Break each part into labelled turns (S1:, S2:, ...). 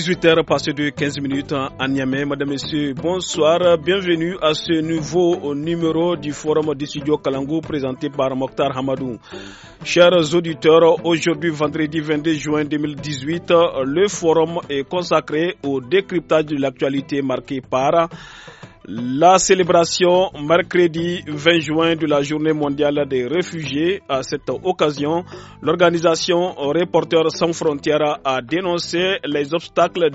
S1: 18h passé de 15 minutes à Niamey. Madame, Messieurs, bonsoir. Bienvenue à ce nouveau numéro du Forum du Studio Kalangou présenté par Mokhtar Hamadou. Chers auditeurs, aujourd'hui, vendredi 22 juin 2018, le forum est consacré au décryptage de l'actualité marquée par la célébration mercredi 20 juin de la journée mondiale des réfugiés. À cette occasion, l'organisation Reporters sans frontières a dénoncé les obstacles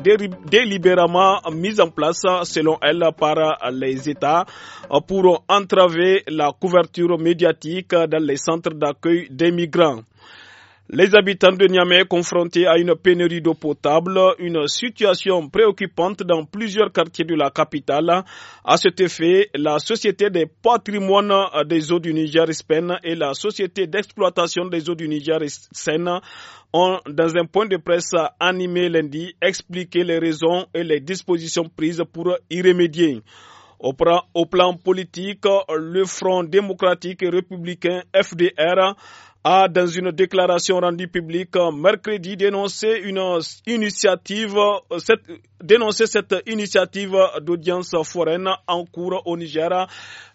S1: délibérément mis en place, selon elle, par les États pour entraver la couverture médiatique dans les centres d'accueil des migrants. Les habitants de Niamey confrontés à une pénurie d'eau potable, une situation préoccupante dans plusieurs quartiers de la capitale. À cet effet, la Société des patrimoines des eaux du Niger Spen et la Société d'exploitation des eaux du Niger Sen e ont, dans un point de presse animé lundi, expliqué les raisons et les dispositions prises pour y remédier. Au, plan politique, le Front démocratique et républicain FDR a, dans une déclaration rendue publique euh, mercredi, dénoncé une euh, initiative, euh, cette, cette initiative d'audience foraine en cours au Niger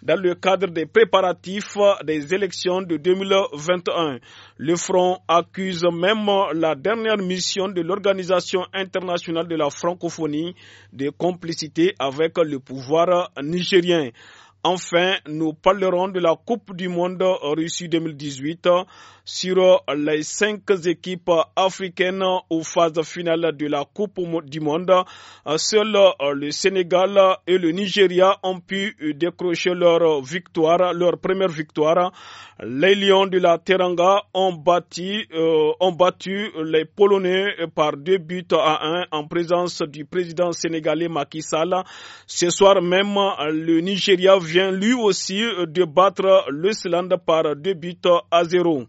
S1: dans le cadre des préparatifs des élections de 2021. Le front accuse même la dernière mission de l'Organisation internationale de la francophonie de complicité avec le pouvoir nigérien. Enfin, nous parlerons de la Coupe du Monde Russie 2018 sur les cinq équipes africaines aux phases finales de la Coupe du Monde. Seuls le Sénégal et le Nigeria ont pu décrocher leur victoire, leur première victoire. Les Lions de la Teranga ont, euh, ont battu les Polonais par deux buts à un en présence du président sénégalais Macky Sall. Ce soir même, le Nigeria vient lui aussi euh, de battre l'Islande par deux buts à zéro.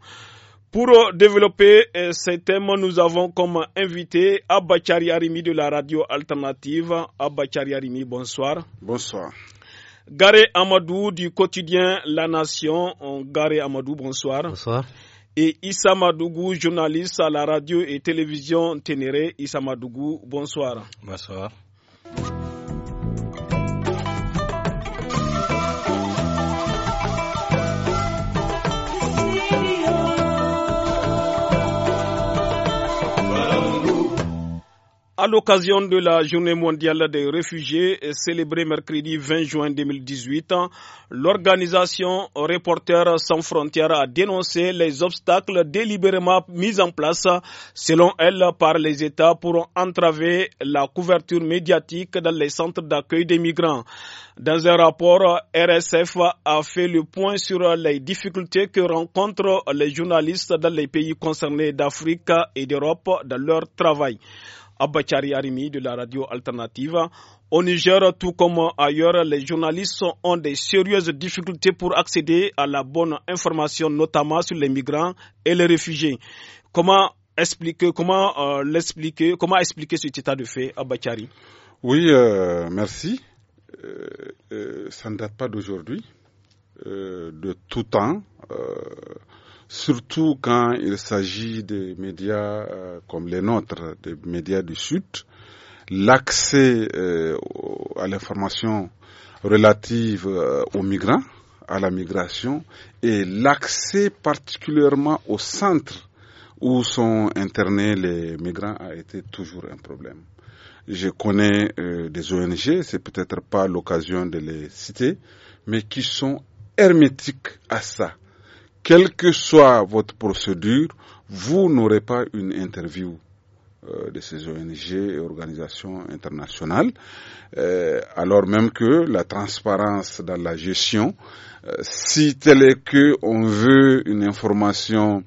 S1: Pour euh, développer euh, ces thèmes, nous avons comme invité Abachari Arimi de la radio alternative. Abachari Arimi, bonsoir. Bonsoir. Garé Amadou du quotidien La Nation. Garé Amadou, bonsoir. Bonsoir. Et Issa Madougou, journaliste à la radio et télévision Ténéré. Issa Madougou, bonsoir. Bonsoir. À l'occasion de la Journée mondiale des réfugiés euh, célébrée mercredi 20 juin 2018, l'organisation Reporters sans frontières a dénoncé les obstacles délibérément mis en place, selon elle, par les États pour entraver la couverture médiatique dans les centres d'accueil des migrants. Dans un rapport, RSF a fait le point sur les difficultés que rencontrent les journalistes dans les pays concernés d'Afrique et d'Europe dans leur travail. Abachari Arimi de la radio alternative. Au Niger, tout comme ailleurs, les journalistes ont des sérieuses difficultés pour accéder à la bonne information, notamment sur les migrants et les réfugiés. Comment expliquer, comment euh, l'expliquer, comment expliquer cet état de fait, Abachari
S2: Oui, euh, merci. Euh, ça ne date pas d'aujourd'hui, de tout temps surtout quand il s'agit des médias euh, comme les nôtres, des médias du Sud, l'accès euh, à l'information relative euh, aux migrants, à la migration, et l'accès particulièrement au centre où sont internés les migrants a été toujours un problème. Je connais des ONG, c'est peut-être pas l'occasion de les citer, mais qui sont hermétiques à ça quelle que soit votre procédure, vous n'aurez pas une interview euh, de ces ONG et organisations internationales, euh, alors même que la transparence dans la gestion, euh, si tel est que on veut une information,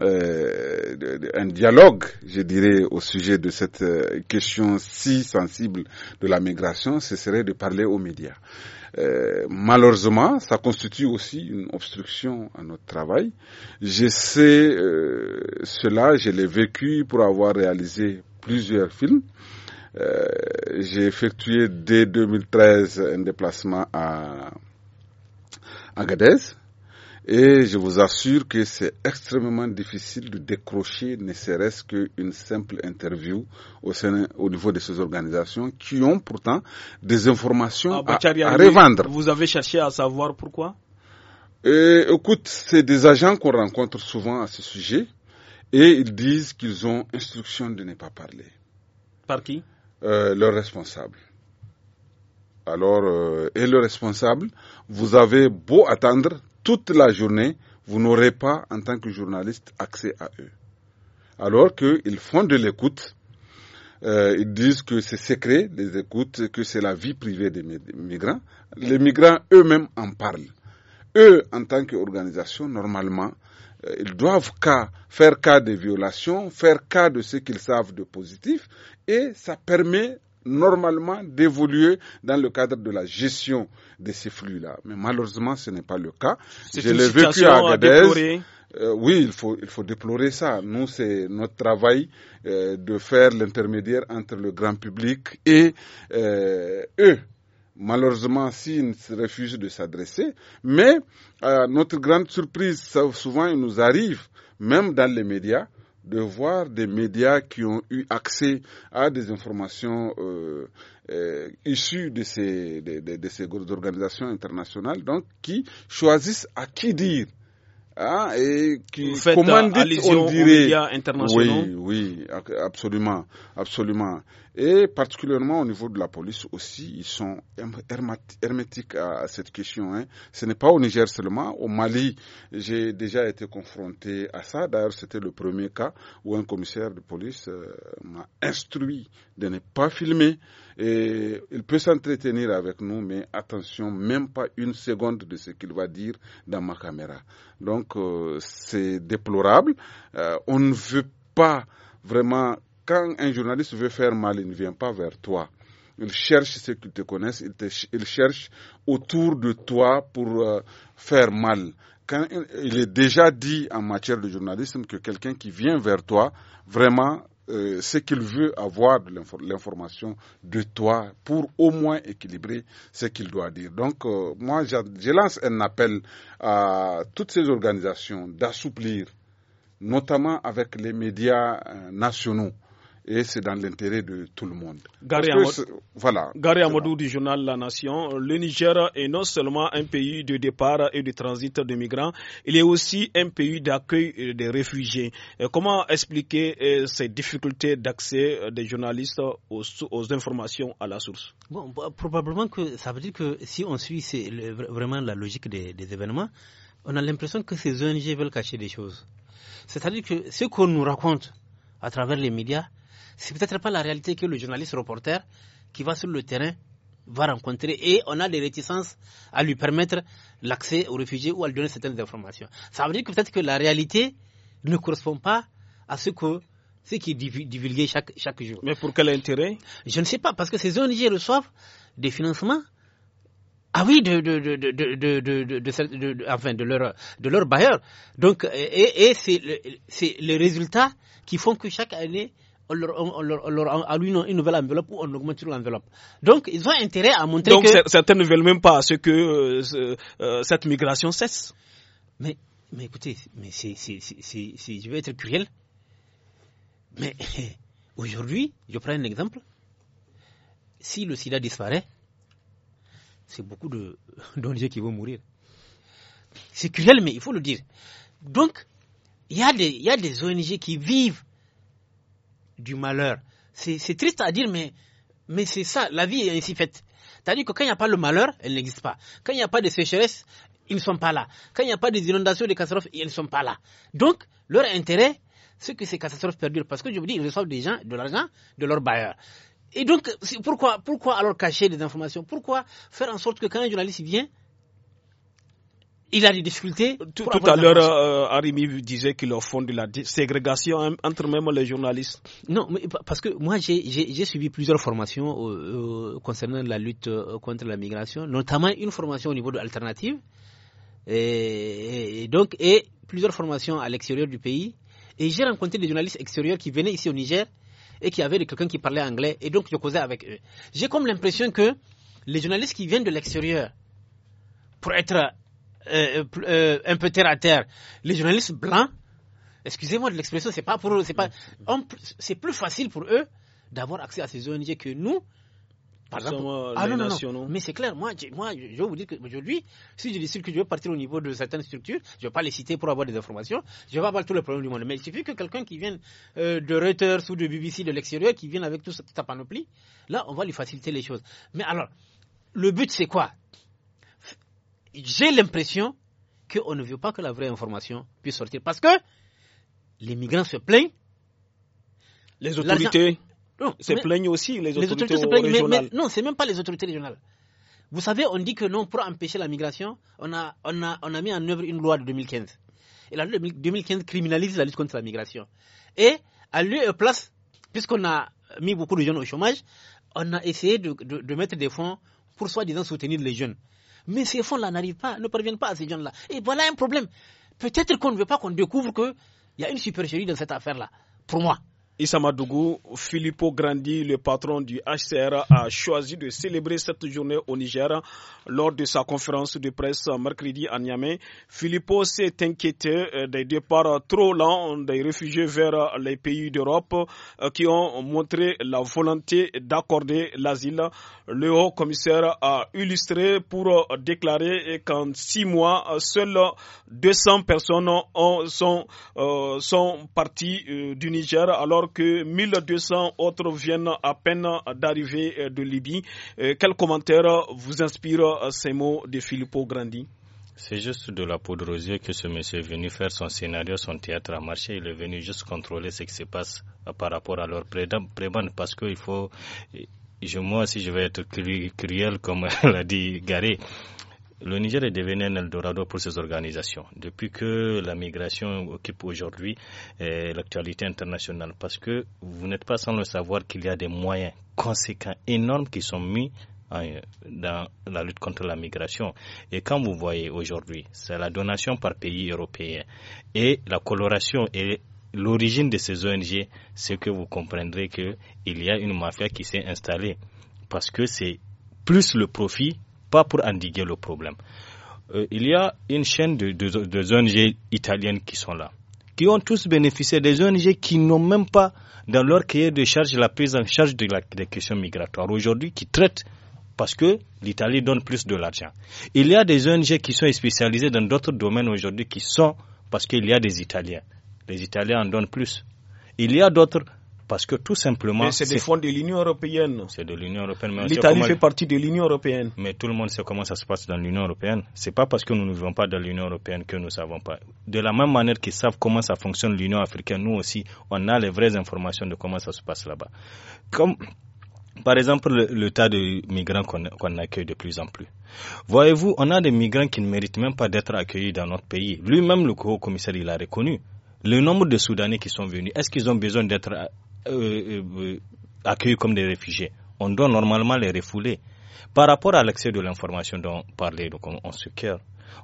S2: un dialogue, je dirais, au sujet de cette question si sensible de la migration, ce serait de parler aux médias. Euh, malheureusement, ça constitue aussi une obstruction à notre travail. Je sais euh, cela, je l'ai vécu pour avoir réalisé plusieurs films. Euh, j'ai effectué dès 2013 un déplacement à Agadez et je vous assure que c'est extrêmement difficile de décrocher ne serait-ce qu'une simple interview au, niveau de ces organisations qui ont pourtant des informations ah, bah, à, revendre.
S1: Vous avez cherché à savoir pourquoi
S2: et, euh, Écoute, c'est des agents qu'on rencontre souvent à ce sujet et ils disent qu'ils ont instruction de ne pas parler. Par qui euh, Leur responsable. Alors, euh, et le responsable, vous avez beau attendre, toute la journée, vous n'aurez pas, en tant que journaliste, accès à eux. Alors qu'ils font de l'écoute, euh, ils disent que c'est secret, les écoutes, que c'est la vie privée des migrants. Les migrants eux-mêmes en parlent. Eux, en tant qu'organisation, normalement, euh, ils doivent faire cas des violations, faire cas de ce qu'ils savent de positif, et ça permet normalement d'évoluer dans le cadre de la gestion de ces flux-là. Mais malheureusement, ce n'est pas le cas. Je l'ai vécu à Agadez. Euh, oui, il faut, il faut déplorer ça. Nous, c'est notre travail euh, de faire l'intermédiaire entre le grand public et euh, eux. Malheureusement, s'ils refusent de s'adresser, mais notre grande surprise, souvent, il nous arrive, même dans les médias, de voir des médias qui ont eu accès à des informations euh, euh, issues de ces, de, de, organisations internationales, donc qui choisissent à qui dire. Hein, et qui commandent, euh, médias internationaux. Oui, oui, absolument, absolument. Et particulièrement au niveau de la police aussi, ils sont hermétiques à, cette question. Hein. Ce n'est pas au Niger seulement, au Mali, j'ai déjà été confronté à ça. D'ailleurs, c'était le premier cas où un commissaire de police euh, m'a instruit de ne pas filmer. Et il peut s'entretenir avec nous, mais attention, même pas une seconde de ce qu'il va dire dans ma caméra. Donc, euh, c'est déplorable. Euh, on ne veut pas vraiment quand un journaliste veut faire mal, il ne vient pas vers toi. Il cherche ceux qui te connaissent, il, cherche autour de toi pour euh, faire mal. il est déjà dit en matière de journalisme que quelqu'un qui vient vers toi, vraiment, euh, c'est qu'il veut avoir de l'information de toi pour au moins équilibrer ce qu'il doit dire. Donc, euh, moi, je lance un appel à toutes ces organisations d'assouplir, notamment avec les médias nationaux et c'est dans l'intérêt de tout le monde. Gary,
S1: Amadou du journal La Nation, le Niger est non seulement un pays de départ et de transit de migrants, il est aussi un pays d'accueil des réfugiés. Euh, comment expliquer euh, ces difficultés d'accès des journalistes aux, informations à la source
S3: bon, bah, Probablement que ça veut dire que si on suit vraiment la logique des événements, on a l'impression que ces ONG veulent cacher des choses. C'est-à-dire que ce qu'on nous raconte à travers les médias, c'est peut-être pas la réalité que le journaliste reporter qui va sur le terrain va rencontrer et on a des réticences à lui permettre l'accès aux réfugiés ou à lui donner certaines informations. Ça veut dire que peut-être que la réalité ne correspond pas à ce que ce qui est divulgué chaque, jour. Mais pour quel intérêt Je ne sais pas, parce que ces ONG reçoivent des financements ah oui, de, de, leur, de bailleur. Donc, et, c'est le, les résultats qui font que chaque année, on leur, une nouvelle enveloppe ou on augmente l'enveloppe. Donc, ils ont intérêt à montrer Donc, que... certains
S1: ne veulent même pas ce que euh, euh, cette migration cesse. Mais, mais écoutez,
S3: mais c'est, je vais être cruel, mais aujourd'hui, je prends un exemple. Si le sida disparaît, c'est beaucoup de d'ONG qui vont mourir. C'est cruel, mais il faut le dire. Donc, il y, a il y a des ONG qui vivent du malheur. C'est triste à dire, mais, mais c'est ça, la vie est ainsi faite. C'est-à-dire que quand il n'y a pas le malheur, elle n'existe pas. Quand il n'y a pas de sécheresse, ils ne sont pas là. Quand il n'y a pas des inondations, des catastrophes, ils ne sont pas là. Donc, leur intérêt, c'est que ces catastrophes perdurent. Parce que je vous dis, ils reçoivent des gens, de l'argent de leurs bailleurs. Et donc, pourquoi, pourquoi alors cacher des informations Pourquoi faire en sorte que quand un journaliste vient, il a des difficultés. Tout, à l'heure, euh, vous disait qu'ils font de la euh, ségrégation entre même les journalistes. Non, mais parce que moi, j'ai suivi plusieurs formations euh, euh, concernant la lutte contre la migration, notamment une formation au niveau de l'alternative, et, et, donc, et plusieurs formations à l'extérieur du pays. Et j'ai rencontré des journalistes extérieurs qui venaient ici au Niger et qui avaient quelqu'un qui parlait anglais, et donc je causais avec eux. J'ai comme l'impression que les journalistes qui viennent de l'extérieur pour être euh, euh, euh, un peu terre à terre. Les journalistes blancs, excusez-moi de l'expression, c'est pas pour c'est pas, c'est plus facile pour eux d'avoir accès à ces ONG que nous. Par exemple, ah non, non, mais c'est clair, moi, moi, je vais vous dire qu'aujourd'hui, si je décide que je veux partir au niveau de certaines structures, je ne vais pas les citer pour avoir des informations, je vais avoir tous les problèmes du monde. Mais il suffit que quelqu'un qui vient de Reuters ou de BBC de l'extérieur, qui vient avec toute sa panoplie, là, on va lui faciliter les choses. Mais alors, le but, c'est quoi j'ai l'impression qu'on ne veut pas que la vraie information puisse sortir. Parce que les migrants se plaignent. Les autorités se plaignent aussi, les autorités, régionales. non, ce n'est même pas les autorités régionales. Vous savez, on dit que non, pour empêcher la migration, on a, on a, on a mis en œuvre une loi de 2015. Et la loi de 2015 criminalise la lutte contre la migration. Et à lieu et place, puisqu'on a mis beaucoup de jeunes au chômage, on a essayé de, de mettre des fonds pour soi-disant soutenir les jeunes. Mais ces fonds-là n'arrivent pas, ne parviennent pas à ces gens là Et voilà un problème. Peut-être qu'on ne veut pas qu'on découvre qu'il y a une supercherie dans cette affaire-là. Pour moi. Issa Madougou, Filippo
S1: Grandi, le patron du HCR, a choisi de célébrer cette journée au Niger lors de sa conférence de presse mercredi à Niamey. Filippo s'est inquiété euh, des départs trop lents des réfugiés vers les pays d'Europe euh, qui ont montré la volonté d'accorder l'asile. Le haut commissaire a illustré pour euh, déclarer qu'en six mois, seules 200 personnes sont, sont parties du Niger alors que 1200 autres viennent à peine d'arriver euh, de Libye. Euh, quel commentaire vous inspire euh, ces mots de Filippo Grandi
S4: c'est juste de la poudre aux yeux que ce monsieur est venu faire son scénario, son théâtre à marché. Il est venu juste contrôler ce qui se passe par rapport à leur prébande parce qu'il faut. Je, moi, aussi je vais être cruel, comme l'a dit Garé, le Niger est devenu un Eldorado pour ces organisations. Depuis que la migration occupe aujourd'hui eh, l'actualité internationale, parce que vous n'êtes pas sans le savoir qu'il y a des moyens conséquents, énormes, qui sont mis dans la lutte contre la migration. Et quand vous voyez aujourd'hui, c'est la donation par pays européen et la coloration et l'origine de ces ONG, c'est que vous comprendrez qu'il y a une mafia qui s'est installée parce que c'est plus le profit pas pour endiguer le problème. Euh, il y a une chaîne de, ONG italiennes qui sont là, qui ont tous bénéficié des ONG qui n'ont même pas dans leur cahier de charge la prise en charge des questions migratoires aujourd'hui, qui traitent parce que l'Italie donne plus de l'argent. Il y a des ONG qui sont spécialisées dans d'autres domaines aujourd'hui qui sont parce qu'il y a des Italiens. Les Italiens en donnent plus. Il y a d'autres parce que tout simplement. c'est des fonds de l'Union européenne. C'est de l'Union européenne. L'Italie fait partie de l'Union européenne. Mais tout le monde sait comment ça se passe dans l'Union européenne. C'est pas parce que nous ne vivons pas dans l'Union européenne que nous ne savons pas. De la même manière qu'ils savent comment ça fonctionne l'Union africaine, nous aussi, on a les vraies informations de comment ça se passe là-bas. Comme. Par exemple, le, tas de migrants qu'on accueille de plus en plus. Voyez-vous, on a des migrants qui ne méritent même pas d'être accueillis dans notre pays. Lui-même, le haut commissaire, il a reconnu. Le nombre de Soudanais qui sont venus, est-ce qu'ils ont besoin d'être euh, euh, accueillis comme des réfugiés. On doit normalement les refouler. Par rapport à l'accès de l'information dont on parlait, donc on, se cœur,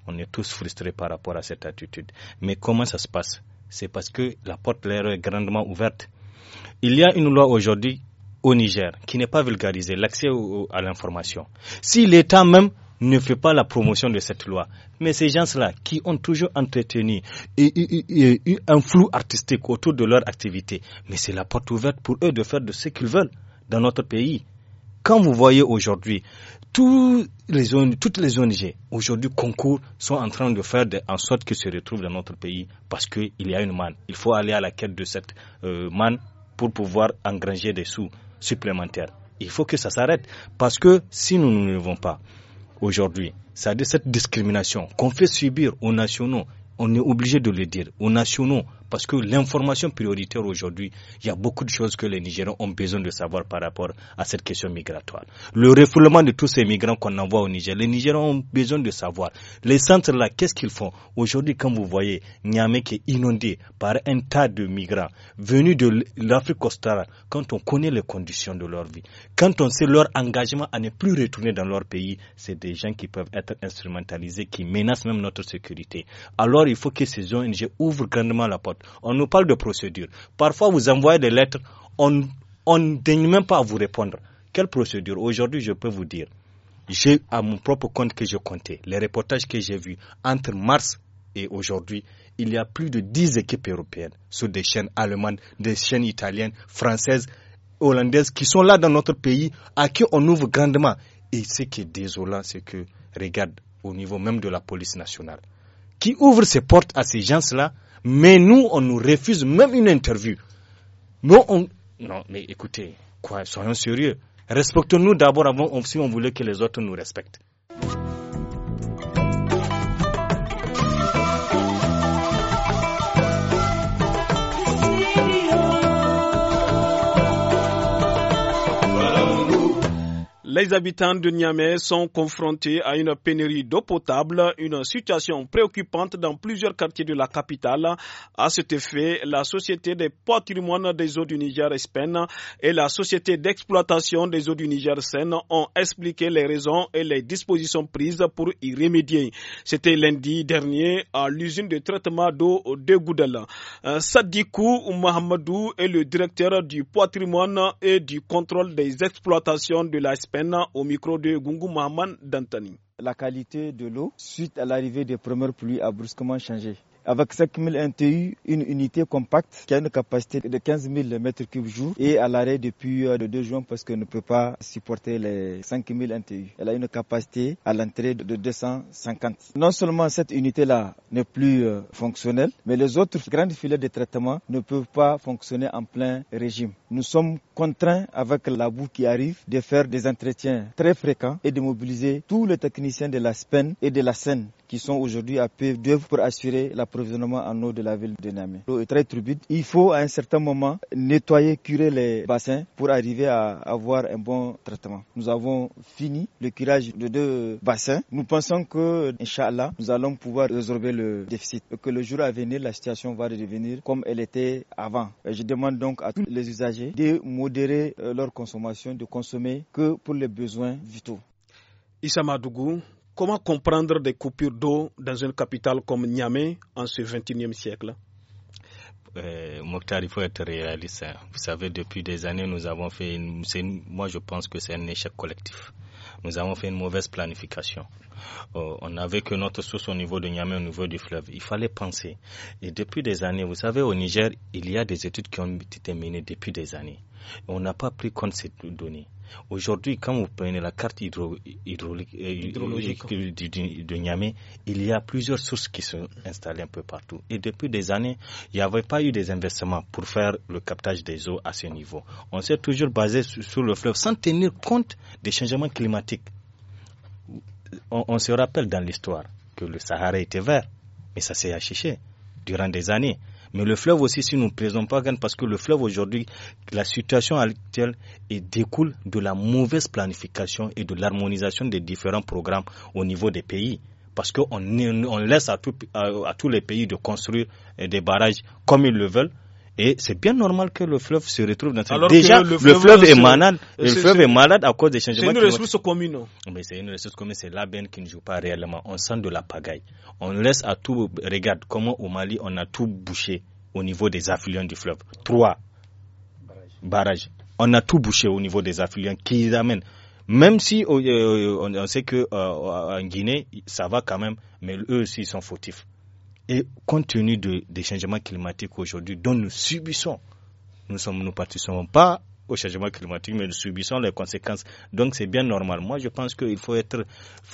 S4: on est tous frustrés par rapport à cette attitude. Mais comment ça se passe C'est parce que la porte l'air est grandement ouverte. Il y a une loi aujourd'hui au Niger qui n'est pas vulgarisée, l'accès à l'information. Si l'État même ne fait pas la promotion de cette loi. Mais ces gens-là qui ont toujours entretenu et, eu un flou artistique autour de leur activité, mais c'est la porte ouverte pour eux de faire de ce qu'ils veulent dans notre pays. Quand vous voyez aujourd'hui, toutes les ONG aujourd'hui concours sont en train de faire en sorte qu'ils se retrouvent dans notre pays parce qu'il y a une manne. Il faut aller à la quête de cette euh, manne pour pouvoir engranger des sous supplémentaires. Il faut que ça s'arrête parce que si nous ne levons pas, aujourd'hui. C'est-à-dire cette discrimination qu'on fait subir aux nationaux, on est obligé de le dire, aux nationaux parce que l'information prioritaire aujourd'hui, il y a beaucoup de choses que les Nigériens ont besoin de savoir par rapport à cette question migratoire. Le refoulement de tous ces migrants qu'on envoie au Niger, les Nigériens ont besoin de savoir. Les centres là, qu'est-ce qu'ils font Aujourd'hui, quand vous voyez Niamey qui est inondé par un tas de migrants venus de l'Afrique australe, quand on connaît les conditions de leur vie, quand on sait leur engagement à ne plus retourner dans leur pays, c'est des gens qui peuvent être instrumentalisés, qui menacent même notre sécurité. Alors il faut que ces ONG ouvrent grandement la porte on nous parle de procédures. Parfois, vous envoyez des lettres, on, ne daigne même pas à vous répondre. Quelle procédure Aujourd'hui, je peux vous dire, j'ai à mon propre compte que je comptais, les reportages que j'ai vus entre mars et aujourd'hui, il y a plus de 10 équipes européennes sur des chaînes allemandes, des chaînes italiennes, françaises, hollandaises qui sont là dans notre pays, à qui on ouvre grandement. Et ce qui est désolant, c'est que, regarde, au niveau même de la police nationale, qui ouvre ses portes à ces gens-là, mais nous, on nous refuse même une interview. Non, mais écoutez, quoi, soyons sérieux. Respectons-nous d'abord avant si on voulait que les autres nous respectent.
S1: les habitants de Niamey sont confrontés à une pénurie d'eau potable, une situation préoccupante dans plusieurs quartiers de la capitale. À cet effet, la Société des patrimoines des eaux du Niger Spen et la Société d'exploitation des eaux du Niger Seine ont expliqué les raisons et les dispositions prises pour y remédier. C'était lundi dernier à l'usine de traitement d'eau de goudel. Euh, Sadikou Mohamedou est le directeur du patrimoine et du contrôle des exploitations de la au micro de Gungu Dantani.
S5: La qualité de l'eau, suite à l'arrivée des premières pluies, a brusquement changé avec 5000 NTU, une unité compacte qui a une capacité de 15 000 m3 jour et à l'arrêt depuis le euh, 2 juin parce qu'elle ne peut pas supporter les 5000 NTU. Elle a une capacité à l'entrée de 250. Non seulement cette unité-là n'est plus euh, fonctionnelle, mais les autres grandes filets de traitement ne peuvent pas fonctionner en plein régime. Nous sommes contraints avec la boue qui arrive de faire des entretiens très fréquents et de mobiliser tous les techniciens de la SPEN et de la SEN qui sont aujourd'hui à peu e d'œuvre pour assurer la provisionnement en eau de la ville de Niamey. L'eau est très turbide. Il faut à un certain moment nettoyer, curer les bassins pour arriver à avoir un bon traitement. Nous avons fini le curage de deux bassins. Nous pensons que, Inch'Allah, nous allons pouvoir résorber le déficit. Que le jour à venir, la situation va redevenir comme elle était avant. Je demande donc à tous les usagers de modérer euh, leur consommation, de consommer que pour les besoins vitaux. Issa Madougou,
S1: Comment comprendre des coupures d'eau dans une capitale comme Niamey en ce XXIe siècle
S4: euh, Mokhtar, il faut être réaliste. Hein. Vous savez, depuis des années, nous avons fait. Une, moi, je pense que c'est un échec collectif. Nous avons fait une mauvaise planification. Euh, on n'avait que notre source au niveau de Niamey, au niveau du fleuve. Il fallait penser. Et depuis des années, vous savez, au Niger, il y a des études qui ont été menées depuis des années. on n'a pas pris compte de ces données. Aujourd'hui, quand vous prenez la carte euh, hydrologique de, Niamey, il y a plusieurs sources qui sont installées un peu partout. Et depuis des années, il n'y avait pas eu des investissements pour faire le captage des eaux à ce niveau. On s'est toujours basé sur, le fleuve sans tenir compte des changements climatiques on, se rappelle dans l'histoire que le Sahara était vert, mais ça s'est achiché durant des années. Mais le fleuve aussi, si nous ne plaisons pas, parce que le fleuve aujourd'hui, la situation actuelle découle de la mauvaise planification et de l'harmonisation des différents programmes au niveau des pays. Parce qu'on on laisse à, tous les pays de construire euh, des barrages comme ils le veulent, et c'est bien normal que le fleuve se retrouve dans cette... Déjà, le fleuve, est malade. Le fleuve est malade à cause des changements climatiques. C'est une ressource commune. Mais c'est une ressource commune, c'est qui ne joue pas réellement. On sent de la pagaille. On laisse à tout... Regarde comment au Mali, on a tout bouché au niveau des affluents du fleuve. Trois barrages. On a tout bouché au niveau des affluents qui amènent même si euh, euh, on, sait que euh, en Guinée ça va quand même, mais eux aussi ils sont fautifs. Et compte tenu de, des changements climatiques aujourd'hui dont nous subissons, nous ne nous participons pas au changement climatique, mais nous subissons les conséquences. Donc c'est bien normal. Moi, je pense qu'il faut être,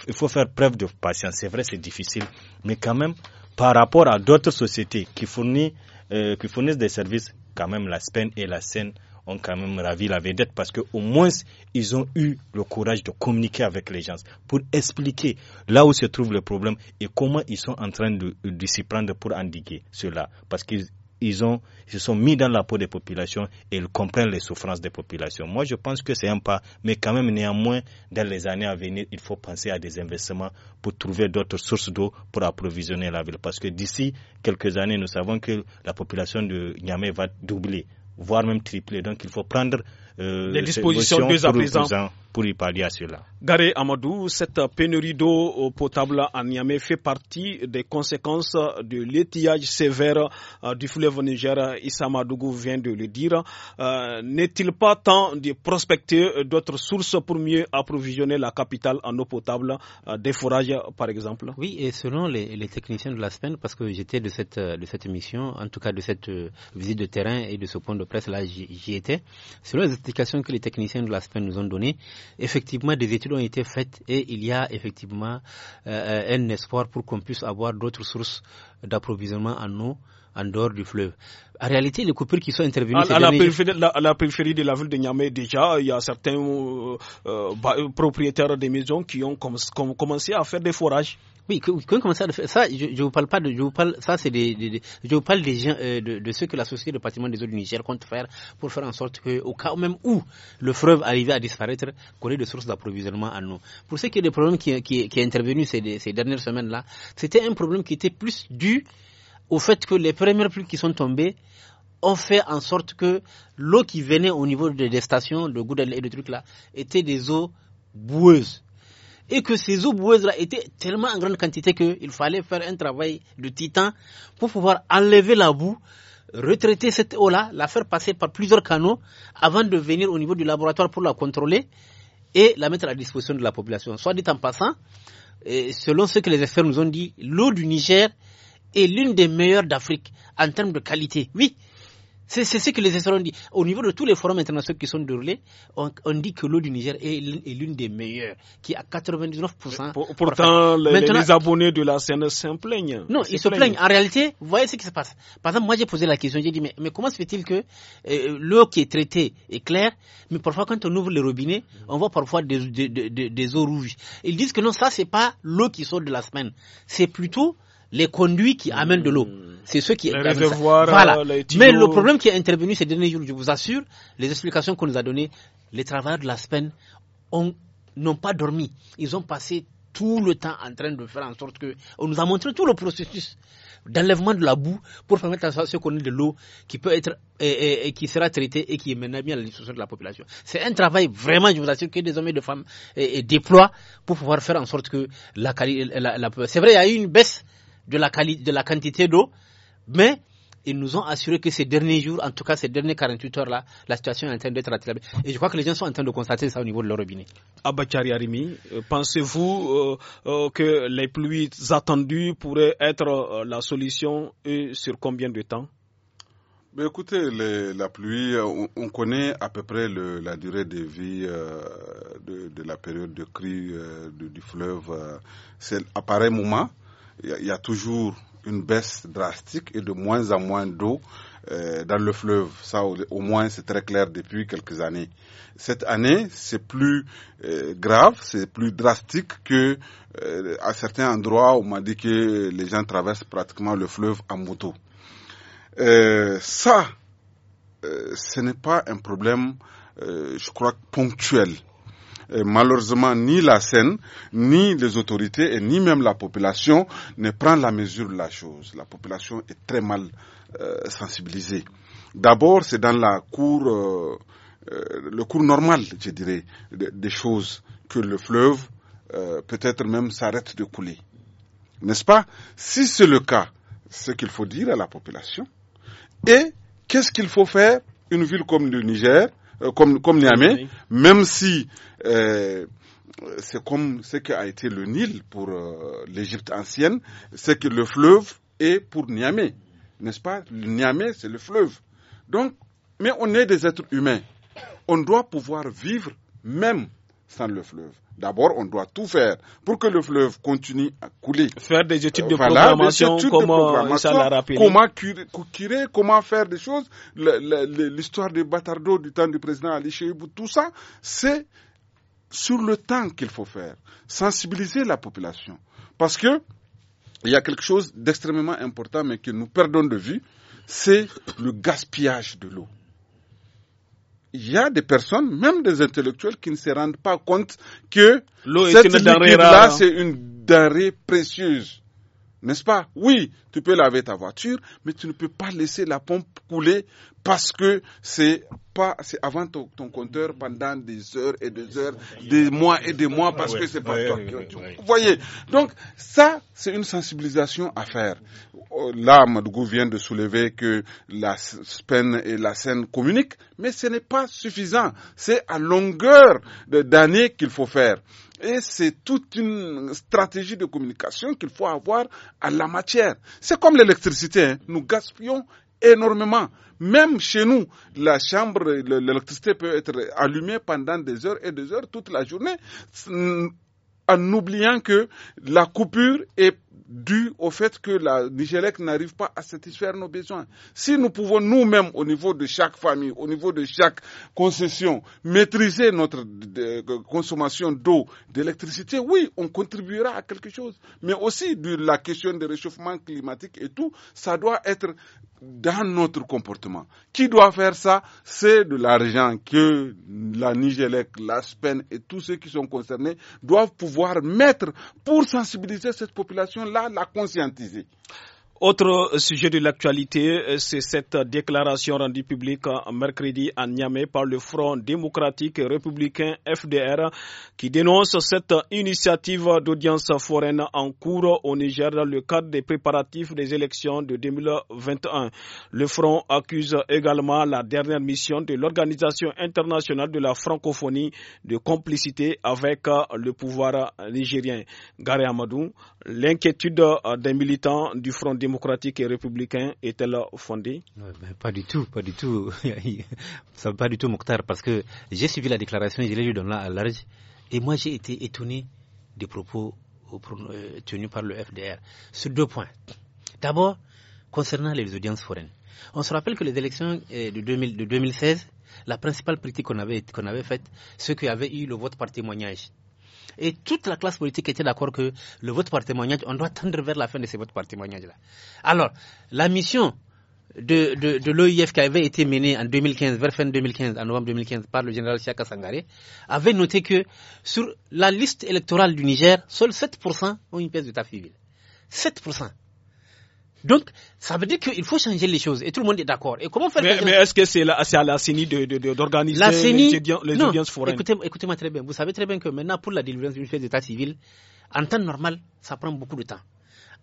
S4: il faut faire preuve de patience. C'est vrai, c'est difficile, mais quand même, par rapport à d'autres sociétés qui fournissent, euh, qui fournissent des services, quand même la SPEN et la Seine ont quand même ravi la vedette parce qu'au moins, ils ont eu le courage de communiquer avec les gens pour expliquer là où se trouve le problème et comment ils sont en train de, s'y prendre pour indiquer cela. Parce qu'ils se sont mis dans la peau des populations et ils comprennent les souffrances des populations. Moi, je pense que c'est un pas, mais quand même, néanmoins, dans les années à venir, il faut penser à des investissements pour trouver d'autres sources d'eau pour approvisionner la ville. Parce que d'ici quelques années, nous savons que la population de Niamey va doubler voire même triplé. Donc il faut prendre euh, les dispositions plus à pour y pallier à cela.
S1: Garé Amadou, cette pénurie d'eau potable à Niamey fait partie des conséquences de l'étillage sévère euh, du fleuve Niger. Issa Madougou vient de le dire. Euh, n'est-il pas temps de prospecter d'autres sources pour mieux approvisionner la capitale en eau potable, euh, des
S3: forages par exemple Oui, et selon les, techniciens de la SPEN, parce que j'étais de cette, de cette mission, en tout cas de cette visite de terrain et de ce point de presse là, j'y étais, selon les explications que les techniciens de la nous ont données, effectivement, des études ont été faites et il y a effectivement euh, un espoir pour qu'on puisse avoir d'autres sources d'approvisionnement en eau en dehors du fleuve. En réalité, les coupures qui sont intervenues à, la, périphérie,
S1: de la ville de Niamey, déjà, il y a certains euh, euh, propriétaires des maisons qui ont commencé
S3: à faire des forages. Oui, à Ça, je, ne vous parle pas de, je vous parle, ça c'est des, je parle euh, de, de, ce que la société de patrimoine des eaux du Niger compte faire pour faire en sorte que, au cas même où le fleuve arrivait à disparaître, qu'on ait des sources d'approvisionnement à nous. Pour ce qui est des problèmes qui, qui, est intervenu ces, dernières semaines-là, c'était un problème qui était plus dû au fait que les premières pluies qui sont tombées ont fait en sorte que l'eau qui venait au niveau des, des stations de Goudel et de trucs là était des eaux boueuses et que ces eaux boueuses-là étaient tellement en grande quantité qu'il fallait faire un travail de titan pour pouvoir enlever la boue, retraiter cette eau-là, la faire passer par plusieurs canaux avant de venir au niveau du laboratoire pour la contrôler et la mettre à disposition de la population. Soit dit en passant, selon ce que les experts nous ont dit, l'eau du Niger est l'une des meilleures d'Afrique en termes de qualité. Oui, c'est ce que les historiens ont dit. Au niveau de tous les forums internationaux qui sont déroulés, on, dit que l'eau du Niger est l'une des meilleures, qui est à 99%. pourtant, les, les,
S1: abonnés de la scène
S3: s'en plaignent. Non, ils se plaignent. En réalité, voyez ce qui se passe. Par exemple, moi j'ai posé la question, j'ai dit, mais, comment se fait-il que euh, l'eau qui est traitée est claire, mais parfois quand on ouvre les robinets, on voit parfois des, des, des, des eaux rouges. Ils disent que non, ça c'est pas l'eau qui sort de la semaine, c'est plutôt les conduits qui amènent de l'eau. Hmm. C'est ceux qui est voilà. Euh, Mais le problème qui est intervenu ces derniers jours, je vous assure, les explications qu'on nous a données, les travailleurs de la SPEN n'ont pas dormi. Ils ont passé tout le temps en train de faire en sorte que on nous a montré tout le processus d'enlèvement de la boue pour permettre à ceux qui ont de l'eau qui peut être et, qui sera traitée et qui est bien à la de la population. C'est un travail vraiment, je vous assure, que des hommes et des femmes et, déploient pour pouvoir faire en sorte que la, la, la c'est vrai, il y a eu une baisse de la, de la quantité d'eau, mais ils nous ont assuré que ces derniers jours, en tout cas ces derniers 48 heures-là, la situation est en train d'être attirée. Et je crois que les gens sont en train de constater ça au niveau de leur robinet. Abachari Arimi, euh, pensez-vous euh,
S1: euh, que les pluies attendues pourraient être la solution et sur combien de temps
S2: Écoutez, la pluie, on, connaît à peu près la durée de vie de, de, la période de crue du fleuve. C'est à pareil moment il y, a toujours une baisse drastique et de moins en moins d'eau euh, dans le fleuve. Ça, au, moins, c'est très clair depuis quelques années. Cette année, c'est plus euh, grave, c'est plus drastique que euh, à certains endroits, on m'a dit que les gens traversent pratiquement le fleuve en moto. ça, ce n'est pas un problème, je crois, ponctuel malheureusement, ni la scène, ni les autorités, et ni même la population ne prend la mesure de la chose. La population est très mal euh, sensibilisée. D'abord, c'est dans la cour, euh, euh, le cours normal, je dirais, des choses que le fleuve peut-être même s'arrête de couler. N'est-ce pas Si c'est le cas, ce qu'il faut dire à la population. Et qu'est-ce qu'il faut faire Une ville comme le Niger, euh, comme, comme Niamey, même si euh, c'est comme ce qui a été le Nil pour euh, l'Égypte ancienne, c'est que le fleuve est pour Niamey, n'est-ce pas Le Niamey, c'est le fleuve. Donc, mais on est des êtres humains. On doit pouvoir vivre même sans le fleuve. D'abord, on doit tout faire pour que le fleuve continue à couler. Faire des études de euh, programmation, études comment, de comment curer, comment faire des choses. L'histoire de Batardo du temps du président Ali Sheibou, tout ça, c'est sur le temps qu'il faut faire. Sensibiliser la population. Parce que il y a quelque chose d'extrêmement important, mais que nous perdons de vue, c'est le gaspillage de l'eau il y a des personnes, même des intellectuels, qui ne se rendent pas compte que cette liquide-là, c'est une darée précieuse. N'est-ce pas Oui, tu peux laver ta voiture, mais tu ne peux pas laisser la pompe couler parce que c'est pas c'est avant ton, compteur pendant des heures et des heures, des mois et des mois parce que c'est pas toi. qui Vous voyez Donc ça, c'est une sensibilisation à faire. Oh, là, Madougou vient de soulever que la peine et la scène communiquent, mais ce n'est pas suffisant. C'est à longueur d'années qu'il faut faire. Et c'est toute une stratégie de communication qu'il faut avoir à la matière. C'est comme l'électricité, hein. nous gaspillons énormément. Même chez nous, la chambre, l'électricité peut être allumée pendant des heures et des heures toute la journée en oubliant que la coupure est dû au fait que la Nigélec n'arrive pas à satisfaire nos besoins. Si nous pouvons nous-mêmes, au niveau de chaque famille, au niveau de chaque concession, maîtriser notre consommation d'eau, d'électricité, oui, on contribuera à quelque chose. Mais aussi, de la question du réchauffement climatique et tout, ça doit être dans notre comportement. Qui doit faire ça C'est de l'argent que la la SPEN et tous ceux qui sont concernés doivent pouvoir mettre pour sensibiliser cette population-là l'a conscientiser autre sujet de l'actualité,
S1: euh, c'est cette déclaration rendue publique euh, mercredi à Niamey par le Front démocratique républicain FDR qui dénonce cette initiative d'audience foraine en cours au Niger dans le cadre des préparatifs des élections de 2021. Le Front accuse également la dernière mission de l'Organisation internationale de la francophonie de complicité avec euh, le pouvoir nigérien. Gare Amadou, l'inquiétude des militants du Front démocratique démocratique et républicain est-elle
S3: fondée Pas du tout, pas du tout. Ça, pas du tout, Mokhtar, parce que j'ai suivi la déclaration et je l'ai lu dans la large. Et moi, j'ai été étonné des propos euh, tenus par le FDR sur deux points. D'abord, concernant les audiences foraines. On se rappelle que les élections euh, de, 2016, la principale critique qu'on avait, qu'on avait faite, c'est qu'il y avait eu le vote par témoignage. Et toute la classe politique était d'accord que le vote par témoignage, on doit tendre vers la fin de ce vote par témoignage-là. Alors, la mission de, de, l'OIF qui avait été menée en 2015, vers fin 2015, en novembre 2015, par le général Siaka Sangare, avait noté que sur la liste électorale du Niger, seuls 7% ont une pièce d'état civil. 7%. Donc, ça veut dire qu'il faut changer les choses et tout le monde est d'accord. Et comment faire Mais,
S1: est-ce que c'est à la CENI d'organiser les, les non, audiences foraines
S3: Écoutez-moi très bien. Vous savez très bien que maintenant, pour la délivrance d'une fête d'état civil, en temps normal, ça prend beaucoup de temps.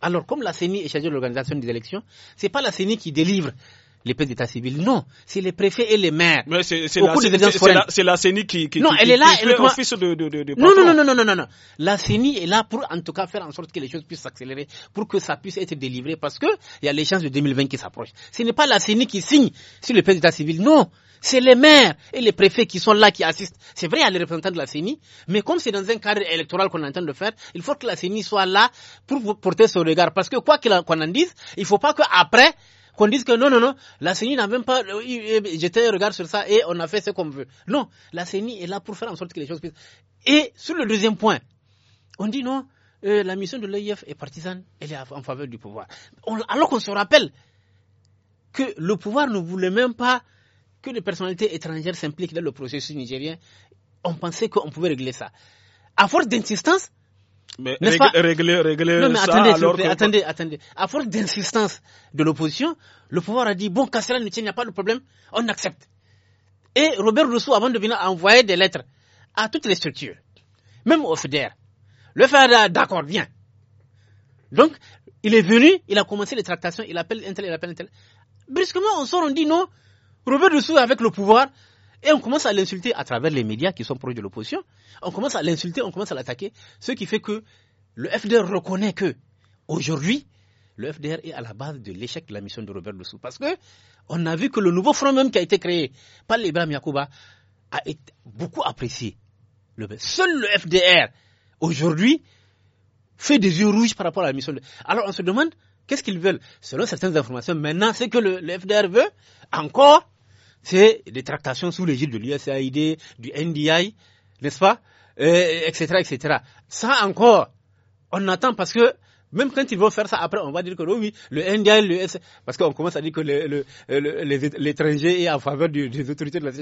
S3: Alors, comme la CENI est chargée de l'organisation des élections, c'est pas la CENI qui délivre les pères d'état civil. Non, c'est les préfets et les maires. Mais c'est la, la, CENI qui, qui, non, elle est là, de, de, non, non, non, non, non, non, non, La CENI est là pour en tout cas faire en sorte que les choses puissent s'accélérer, pour que ça puisse être délivré, parce que il y a les chances de 2020 qui s'approche. Ce n'est pas la CENI qui signe sur les pères d'état civil, non. C'est les maires et les préfets qui sont là, qui assistent. C'est vrai, il y a les représentants de la CENI, mais comme c'est dans un cadre électoral qu'on entend en de faire, il faut que la CENI soit là pour porter ce regard. Parce que quoi qu'on en dise, il ne faut pas qu'après, qu'on dise que non, non, non, la CENI n'a même pas euh, euh, jeté un regard sur ça et on a fait ce qu'on veut. Non, la CENI est là pour faire en sorte que les choses puissent. Et sur le deuxième point, on dit non, euh, la mission de l'EIF est partisane, elle est en faveur du pouvoir. alors qu'on se rappelle que le pouvoir ne voulait même pas que les personnalités étrangères s'impliquent dans le processus nigérien, on pensait qu'on pouvait régler ça. À force d'insistance,
S1: mais pas ça attendez, attendez,
S3: attendez. À force d'insistance de l'opposition, le pouvoir a dit bon, quand cela ne tient, il n'y a pas de problème, on accepte. Et Robert Rousseau, avant de venir, a envoyé des lettres à toutes les structures, même au FEDER. Le FEDER, d'accord, viens. Donc, il est venu, il a commencé les tractations, il appelle un tel, il appelle un tel. Brusquement, on sort, on dit non, Robert Rousseau avec le pouvoir, et on commence à l'insulter à travers les médias qui sont proches de l'opposition. On commence à l'insulter, on commence à l'attaquer. Ce qui fait que le FDR reconnaît que, aujourd'hui, le FDR est à la base de l'échec de la mission de Robert Dessous. Parce que on a vu que le nouveau front même qui a été créé par l'Ibrahim Yacouba a été beaucoup apprécié. Seul le FDR, aujourd'hui, fait des yeux rouges par rapport à la mission. De... Alors on se demande, qu'est-ce qu'ils veulent Selon certaines informations, maintenant, c'est que le FDR veut encore c'est des tractations sous l'égide de l'USAID, du NDI, n'est-ce pas, etc., euh, etc. Ça encore, on attend parce que même quand ils vont faire ça, après, on va dire que oh oui, le Indien, le S. Parce qu'on commence à dire que l'étranger est en faveur des autorités de la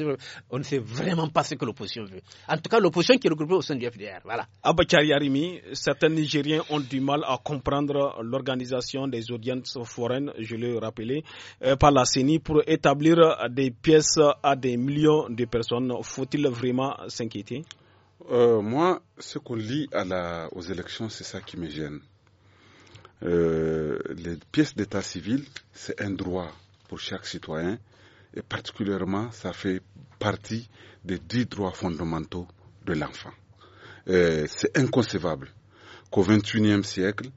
S3: On ne sait vraiment pas ce que l'opposition veut. En tout cas, l'opposition qui est regroupée au sein du FDR. Voilà. Abachari Arimi, certains Nigériens
S1: ont du mal à comprendre l'organisation des audiences foraines, je l'ai rappelé, euh, par la CENI pour établir des pièces à des millions de personnes. Faut-il
S2: vraiment s'inquiéter euh, Moi, ce qu'on lit aux élections, c'est ça qui me gêne. Euh, les pièces d'état civil, c'est un droit pour chaque citoyen et particulièrement ça fait partie des dix droits fondamentaux de l'enfant. Euh, c'est inconcevable qu'au XXIe siècle,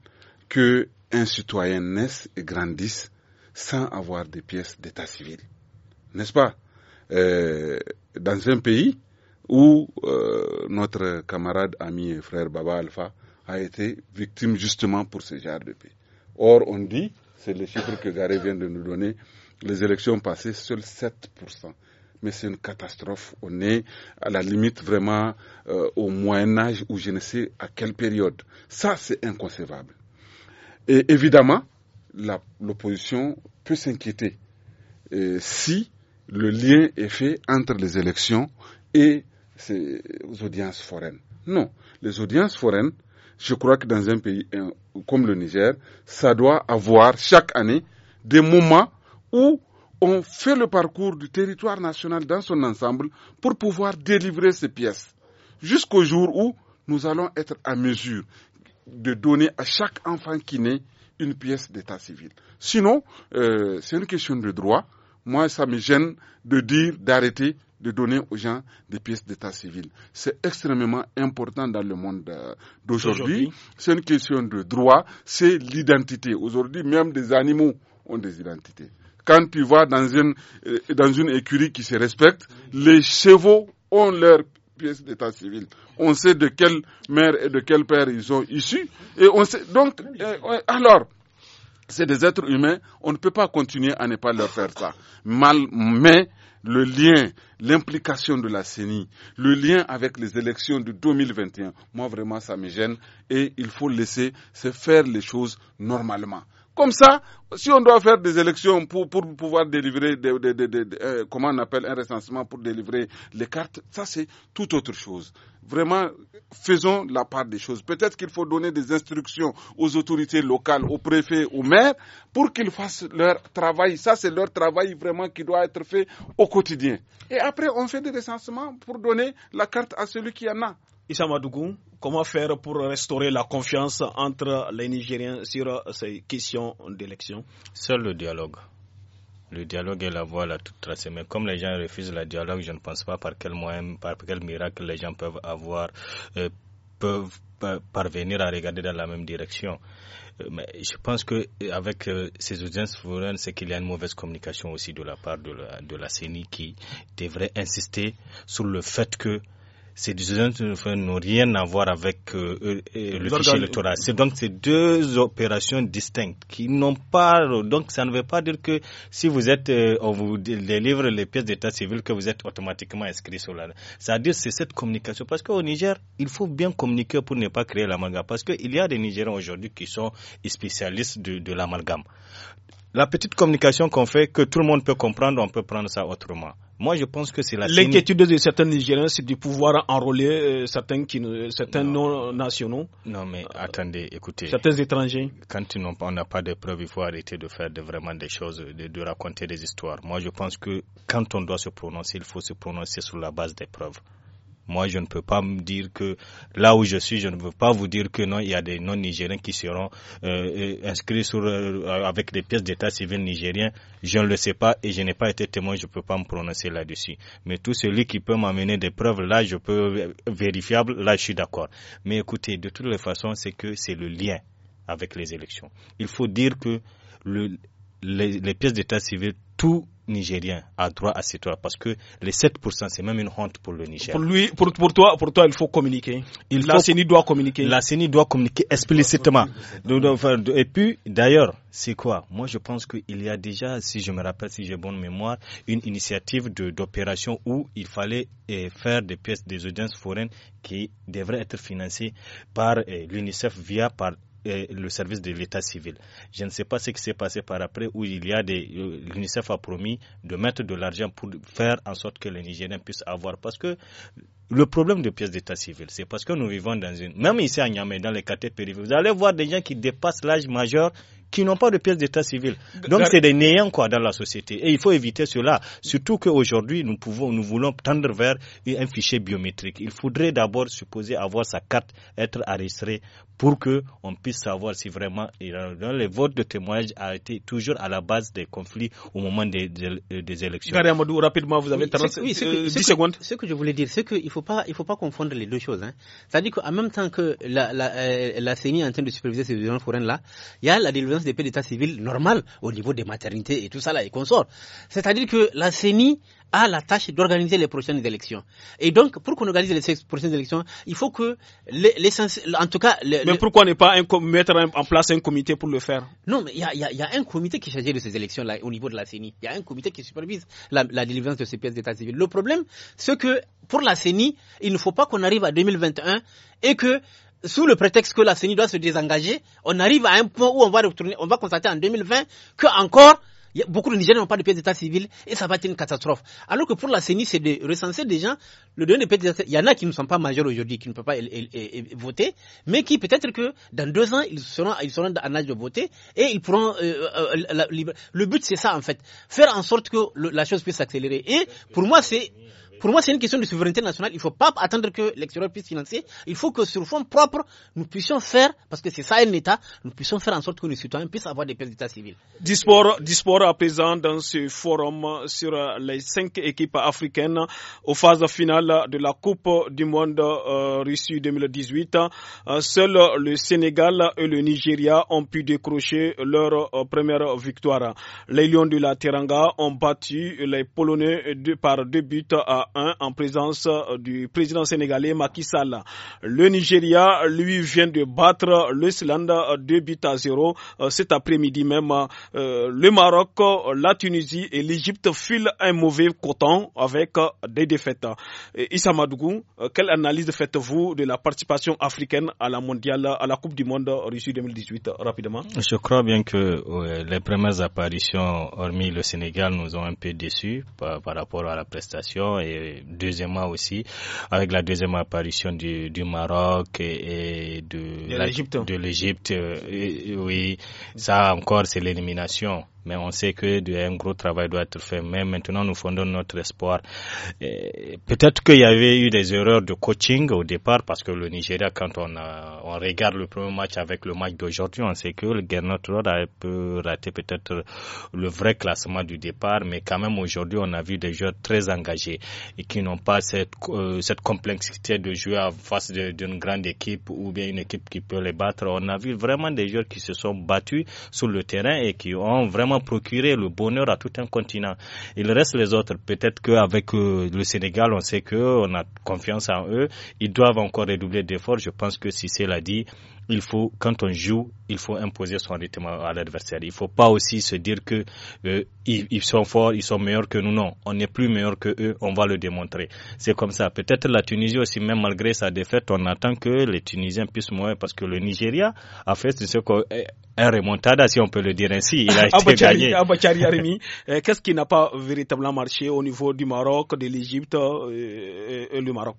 S2: que un citoyen naisse et grandisse sans avoir des pièces d'état civil. N'est-ce pas euh, Dans un pays où euh, notre camarade, ami et frère Baba Alpha a été victime justement pour ce genre de pays. Or, on dit, c'est le chiffre que Garé vient de nous donner, les élections passées, seules 7%. Mais c'est une catastrophe. On est à la limite vraiment euh, au Moyen Âge ou je ne sais à quelle période. Ça, c'est inconcevable. Et évidemment, l'opposition peut s'inquiéter euh, si le lien est fait entre les élections et ces audiences foraines. Non, les audiences foraines, je crois que dans un pays euh, comme le Niger, ça doit avoir chaque année des moments où on fait le parcours du territoire national dans son ensemble pour pouvoir délivrer ces pièces. Jusqu'au jour où nous allons être à mesure de donner à chaque enfant qui naît une pièce d'état civil. Sinon, euh, c'est une question de droit. Moi, ça me gêne de dire d'arrêter de donner aux gens des pièces d'état civil. C'est extrêmement important dans le monde euh, d'aujourd'hui. C'est une question de droit, c'est l'identité. Aujourd'hui, même des animaux ont des identités. Quand tu vas dans une, euh, dans une écurie qui se respecte, les chevaux ont leur pièces d'état civil. On sait de quelle mère et de quel père ils sont issus. Et on sait, donc, euh, alors, c'est des êtres humains, on ne peut pas continuer à ne pas leur faire ça. Mal, mais le lien, l'implication de la CENI, le lien avec les élections de 2021, moi vraiment ça me gêne et il faut laisser se faire les choses normalement. Comme ça, si on doit faire des élections pour, pouvoir délivrer, euh, comment on appelle, un recensement pour délivrer les cartes, ça c'est tout autre chose. Vraiment, faisons la part des choses. Peut-être qu'il faut donner des instructions aux autorités locales, aux préfets, aux maires, pour qu'ils fassent leur travail. Ça, c'est leur travail vraiment qui doit être fait au quotidien. Et après, on fait des recensements pour donner la carte à celui qui en a. Issa Comment faire pour restaurer la confiance
S4: entre les Nigériens sur ces questions d'élection Seul le dialogue. Le dialogue est la voie la toute tracée. Mais comme les gens refusent le dialogue, je ne pense pas par quel moyen, par quel miracle les gens peuvent avoir, euh, peuvent parvenir à regarder dans la même direction. Euh, mais je pense que euh, avec ces audiences souveraines, c'est qu'il y a une mauvaise communication aussi de la part de de la CENI qui devrait insister sur le fait que ces décisions n'ont rien à voir avec euh, euh, euh, le fichier C'est donc ces deux opérations distinctes qui n'ont pas. Donc ça ne veut pas dire que si vous êtes, on vous délivre les pièces d'état civil que vous êtes automatiquement inscrit sur la. C'est-à-dire c'est cette communication. Parce qu'au Niger, il faut bien communiquer pour ne pas créer l'amalgame. Parce qu'il y a des Nigériens aujourd'hui qui sont spécialistes de l'amalgame la petite communication qu'on fait, que tout le monde peut comprendre, on peut prendre ça autrement. Moi, je pense que c'est la L'inquiétude
S1: de certains Nigériens, c'est de pouvoir enrôler euh, certains, qui, certains non. nationaux.
S4: Non, mais euh, attendez, écoutez. Certains étrangers. Quand on n'a pas de preuves, il faut arrêter de faire vraiment des choses, de, de, raconter des histoires. Moi, je pense que quand on doit se prononcer, il faut se prononcer sur la base des preuves. Moi, je ne peux pas me dire que là où je suis, je ne veux pas vous dire que non, il y a des non-nigériens qui seront euh, euh, inscrits sur, euh, avec des pièces d'état civil nigérien. Je ne le sais pas et je n'ai pas été témoin, je ne peux pas me prononcer là-dessus. Mais tout celui qui peut m'amener des preuves, là, je peux vérifiable, là, je suis d'accord. Mais écoutez, de toutes les façons, c'est que c'est le lien avec les élections. Il faut dire que les pièces d'état civil, tout Nigérien a droit à ces droits parce que les 7%, c'est même une honte pour le Niger. Pour, lui, pour, toi, pour toi, il faut communiquer. Il la CENI doit communiquer. La CENI doit communiquer explicitement. Et puis, d'ailleurs, c'est quoi Moi, je pense qu'il y a déjà, si je me rappelle, si j'ai bonne mémoire, une initiative d'opération où il fallait eh, faire des pièces des audiences foraines qui devraient être financées par eh, l'UNICEF via par et le service de l'état civil. Je ne sais pas ce qui s'est passé par après où il y a des euh, l'UNICEF a promis de mettre de l'argent pour faire en sorte que les Nigériens puissent avoir parce que le problème de pièces d'état civil, c'est parce que nous vivons dans une même ici à Niamey dans les quartiers périphériques, vous allez voir des gens qui dépassent l'âge majeur qui n'ont pas de pièces d'état civil. Donc c'est des néants quoi dans la société et il faut éviter cela, surtout qu'aujourd'hui nous pouvons nous voulons tendre vers un fichier biométrique. Il faudrait d'abord supposer avoir sa carte être enregistré pour que on puisse savoir si vraiment les votes de témoignage a été toujours à la base des conflits au moment des, des, élections.
S3: rapidement, vous avez euh, secondes.
S4: Ce que je voulais dire, c'est qu'il
S3: ne faut, pas, il faut pas confondre les deux choses. Hein. C'est-à-dire qu'en même temps que la, euh, la, CENI est en train de superviser ces violences foraines-là, il y a la délivrance des paix d'état civil normal au niveau des maternités et tout ça là, et qu'on sort. C'est-à-dire que la CENI a la tâche d'organiser les prochaines élections. Et donc, pour qu'on organise les prochaines élections, il faut que l'essentiel, en tout cas... mais pourquoi ne pas mettre en place un comité pour le faire Non, mais il y a, y a, un comité qui est chargé de ces élections-là au niveau de la CENI. Il y a un comité qui supervise la, la délivrance de ces pièces d'état civil. Le problème, c'est que pour la CENI, il ne faut pas qu'on arrive à 2021 et que sous le prétexte que la CENI doit se désengager, on arrive à un point où on va retourner, on va constater en 2020 que encore Beaucoup de Nigériens n'ont pas de pièce d'état civil et ça va être une catastrophe. Alors que pour la CENI, c'est de recenser des gens, le de d'état Il y en a qui ne sont pas majeurs aujourd'hui, qui ne peuvent pas voter, mais qui peut-être que dans deux ans, ils seront, ils seront en âge de voter et ils pourront. Euh, euh, le but, c'est ça en fait. Faire en sorte que la chose puisse s'accélérer. Et pour moi, c'est. Pour moi, c'est une question de souveraineté nationale. Il ne faut pas attendre que l'extérieur puisse financer. Il faut que sur fond propre, nous puissions faire, parce que c'est ça un État, nous puissions faire en sorte que nos citoyens puissent avoir des pièces d'État civil.
S1: Disport, disport à présent dans ce forum sur les cinq équipes africaines aux phases finales de la Coupe du Monde euh, Russie 2018. Seuls le Sénégal et le Nigeria ont pu décrocher leur euh, première victoire. Les Lions de la Teranga ont battu les Polonais de, par deux buts à en présence euh, du président sénégalais Macky Sall. Le Nigeria, lui, vient de battre l'Islande 2 euh, buts à 0 euh, cet après-midi même. Le Maroc, la Tunisie et l'Égypte filent un mauvais coton avec des défaites. Issa Madougou, quelle analyse faites-vous de la participation africaine à la mondiale, à la Coupe du Monde Russie 2018 rapidement
S4: Je crois bien que les premières apparitions, hormis le Sénégal, nous ont un peu déçus par, par rapport à la prestation et deuxièmement aussi avec la deuxième apparition du, Maroc et, de De l'Égypte, euh, oui, ça encore c'est l'élimination. Mais on sait que un gros travail doit être fait. Mais maintenant, nous fondons notre espoir. Peut-être qu'il y avait eu des erreurs de coaching au départ, parce que le Nigeria, quand on, on regarde le premier match avec le match d'aujourd'hui, on sait que le Gernot Rod a peut rater peut-être le vrai classement du départ. Mais quand même, aujourd'hui, on a vu des joueurs très engagés et qui n'ont pas cette, euh, complexité de jouer à face d'une grande équipe ou bien une équipe qui peut les battre. On a vu vraiment des joueurs qui se sont battus sur le terrain et qui ont vraiment procurer le bonheur à tout un continent. Il reste les autres. Peut-être qu'avec euh, le Sénégal, on sait qu'on a confiance en eux. Ils doivent encore redoubler d'efforts. Je pense que si cela l'a dit, il faut, quand on joue, il faut imposer son rythme à l'adversaire. Il ne faut pas aussi se dire que euh, ils, sont forts, ils sont meilleurs que nous. Non, on n'est plus meilleur que eux, on va le démontrer. C'est comme ça. Peut-être la Tunisie aussi, même malgré sa défaite, on attend que les Tunisiens puissent mourir parce que le Nigeria a fait ce euh, un remontada, si on peut le dire ainsi. Il a ah, été bah, gagné. Ah, bah,
S1: euh, qu'est-ce qui n'a pas véritablement marché au niveau du Maroc, de l'Égypte et, du le Maroc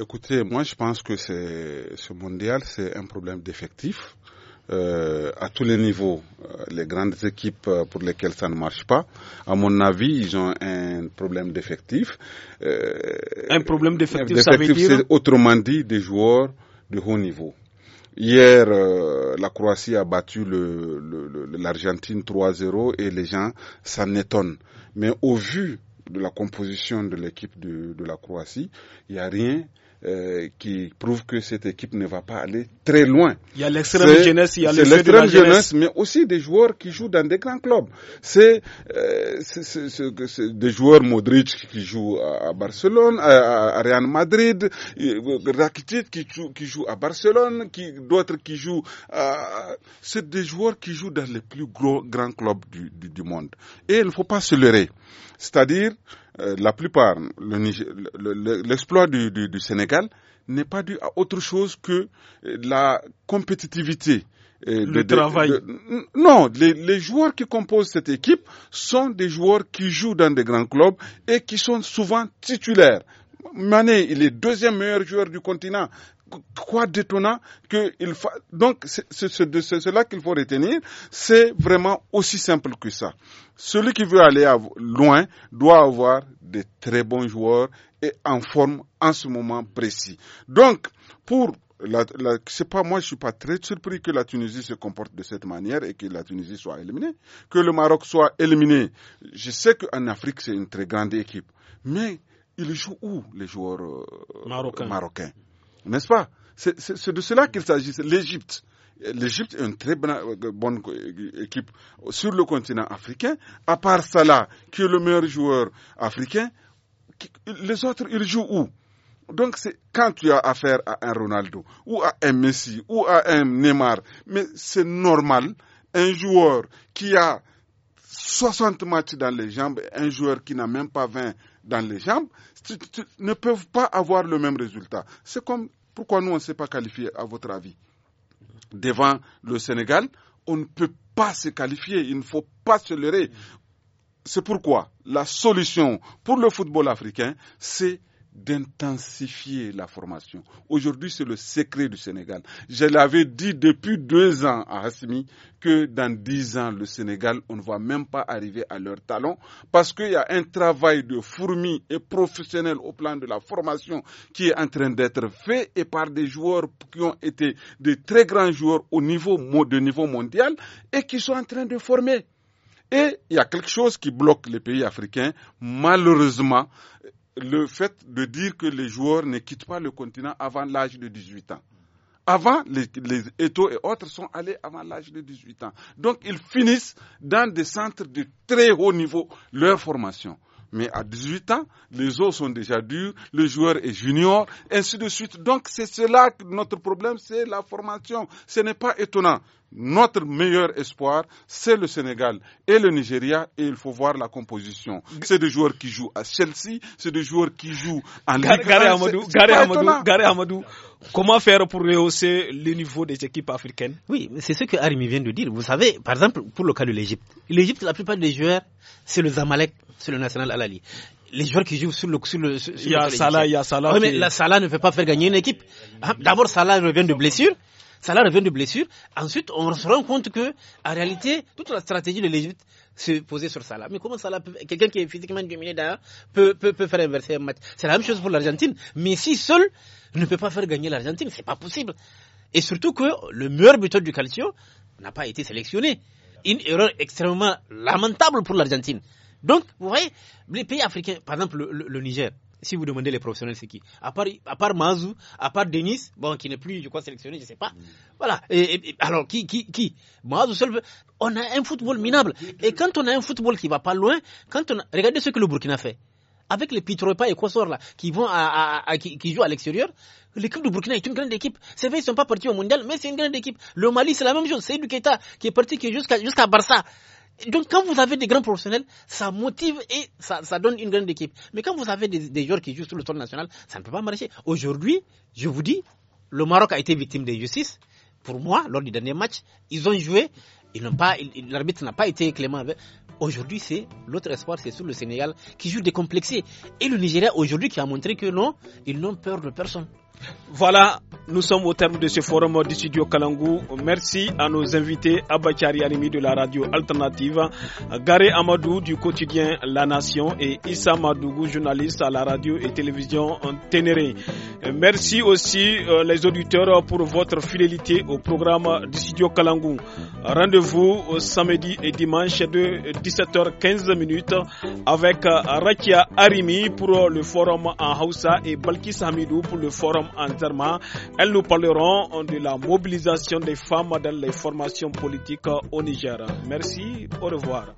S2: Écoutez, moi je pense que ce mondial, c'est un problème d'effectifs. Euh, à tous les niveaux, euh, les grandes équipes euh, pour lesquelles ça ne marche pas, à mon avis, ils ont un problème d'effectifs. Euh, un problème d'effectifs, ça c'est autrement dit des joueurs de haut niveau. Hier, la Croatie a battu l'Argentine le, 3-0 et les gens s'en étonnent. Mais au vu de la composition de l'équipe de, de, la Croatie, il n'y a rien euh, qui prouve que cette équipe ne va pas aller très loin. Il y a l'extrême jeunesse, il y a l'extrême jeunesse, mais aussi des joueurs qui jouent dans des grands clubs. C'est euh, des joueurs Modric qui joue à Barcelone, à, Real Madrid, euh, Rakitic qui joue, qui joue à Barcelone, qui d'autres qui jouent. C'est des joueurs qui jouent dans les plus gros grands clubs du, du, du monde. Et il ne faut pas se leurrer. C'est-à-dire euh, la plupart, l'exploit le, du, du, du, Sénégal n'est pas dû à autre chose que euh, la compétitivité. Euh, le travail. non, les, les, joueurs qui composent cette équipe sont des joueurs qui jouent dans des grands clubs et qui sont souvent titulaires. Mané, il est deuxième meilleur joueur du continent trois détonants il Donc, c'est cela qu'il faut retenir. C'est vraiment aussi simple que ça. Celui qui veut aller loin doit avoir de très bons joueurs et en forme en ce moment précis. Donc, pour la, pas moi je suis pas très surpris que la Tunisie se comporte de cette manière et que la Tunisie soit éliminée, que le Maroc soit éliminé. Je sais qu'en Afrique c'est une très grande équipe, mais ils jouent où les joueurs euh, marocains n'est-ce pas C'est de cela qu'il s'agit. L'Égypte. L'Égypte est une très bonne, bonne, équipe sur le continent africain. À part Salah, qui est le meilleur joueur africain, les autres, ils jouent où donc, quand tu as affaire à un Ronaldo, ou à un Messi, ou à un Neymar, mais c'est normal, un joueur qui a 60 matchs dans les jambes, un joueur qui n'a même pas 20 dans les jambes, ne peuvent pas avoir le même résultat. C'est comme pourquoi nous, on ne s'est pas qualifié, à votre avis. Devant le Sénégal, on ne peut pas se qualifier, il ne faut pas se leurrer. C'est pourquoi la solution pour le football africain, c'est d'intensifier la formation. Aujourd'hui, c'est le secret du Sénégal. Je l'avais dit depuis deux ans à Hassimi que dans dix ans, le Sénégal, on ne va même pas arriver à leur talent parce qu'il y a un travail de fourmi et professionnel au plan de la formation qui est en train d'être fait et par des joueurs qui ont été de très grands joueurs au niveau, de niveau mondial et qui sont en train de former. Et il y a quelque chose qui bloque les pays africains. Malheureusement, le fait de dire que les joueurs ne quittent pas le continent avant l'âge de 18 ans. Avant, les, Eto et autres sont allés avant l'âge de 18 ans. Donc, ils finissent dans des centres de très haut niveau leur formation. Mais à 18 ans, les eaux sont déjà durs, le joueur est junior, ainsi de suite. Donc c'est cela que notre problème, c'est la formation. Ce n'est pas étonnant notre meilleur espoir, c'est le Sénégal et le Nigeria, et il faut voir la composition. C'est des joueurs qui jouent à Chelsea, c'est des joueurs qui jouent en Ligue 1. Gare Amadou,
S3: Gare Amadou, comment faire pour rehausser le niveau des équipes africaines Oui, c'est ce que Arimi vient de dire. Vous savez, par exemple, pour le cas de l'Égypte, l'Égypte, la plupart des joueurs, c'est le Zamalek, c'est le National Alali les joueurs qui jouent sur le. Sur le sur il y a Salah, il y a Salah. Oui, mais Salah ne fait pas faire gagner une équipe. Ah, d'abord, Salah revient de blessure ça revient de blessure. Ensuite, on se rend compte que, en réalité, toute la stratégie de l'Égypte se posait sur Salah. Mais comment Salah, quelqu'un qui est physiquement dominé d'ailleurs, peut, peut, faire inverser un match C'est la même chose pour l'Argentine. Mais si seul ne peut pas faire gagner l'Argentine, c'est pas possible. Et surtout que le meilleur buteur du calcio n'a pas été sélectionné. Une erreur extrêmement lamentable pour l'Argentine. Donc, vous voyez, les pays africains, par exemple le Niger, si vous demandez les professionnels, c'est qui à part, à part Mazou, à part Denis, bon, qui n'est plus, je crois, sélectionné, je ne sais pas. Mm. Voilà. alors, qui, Mazou seul. On a un football minable. Et quand on a un football qui ne va pas loin, quand on regardez ce que le Burkina fait. Avec les Pitropa et Kossor, là, qui vont à, qui, jouent à l'extérieur, L'équipe du Burkina est une grande équipe. C'est vrai, ils ne sont pas partis au mondial, mais c'est une grande équipe. Le Mali, c'est la même chose. C'est Keita qui est parti jusqu'à Barça donc quand vous avez des grands professionnels, ça motive et ça, donne une grande équipe. Mais quand vous avez des, joueurs qui jouent sur le sol national, ça ne peut pas marcher. Aujourd'hui, je vous dis, le Maroc a été victime de justice. Pour moi, lors du dernier match, ils ont joué, l'arbitre n'a pas été clément. Aujourd'hui, c'est l'autre espoir, c'est sur le Sénégal qui joue décomplexé. Et le Nigeria aujourd'hui qui a montré que non, ils n'ont peur de personne. Voilà, nous sommes au terme de ce forum du studio Kalangou. Merci
S1: à nos invités Abachari Arimi de la radio alternative, Garé Amadou du quotidien La Nation et Issa Madougou, journaliste à la radio et télévision Ténéré. Merci aussi euh, les auditeurs pour votre fidélité au programme du studio Kalangou. Rendez-vous samedi et dimanche de 17h15 avec Rakia Arimi pour le forum en Hausa et Balkis Hamidou pour le forum entièrement. Elles nous parleront de la mobilisation des femmes dans les formations politiques au Niger. Merci, au revoir.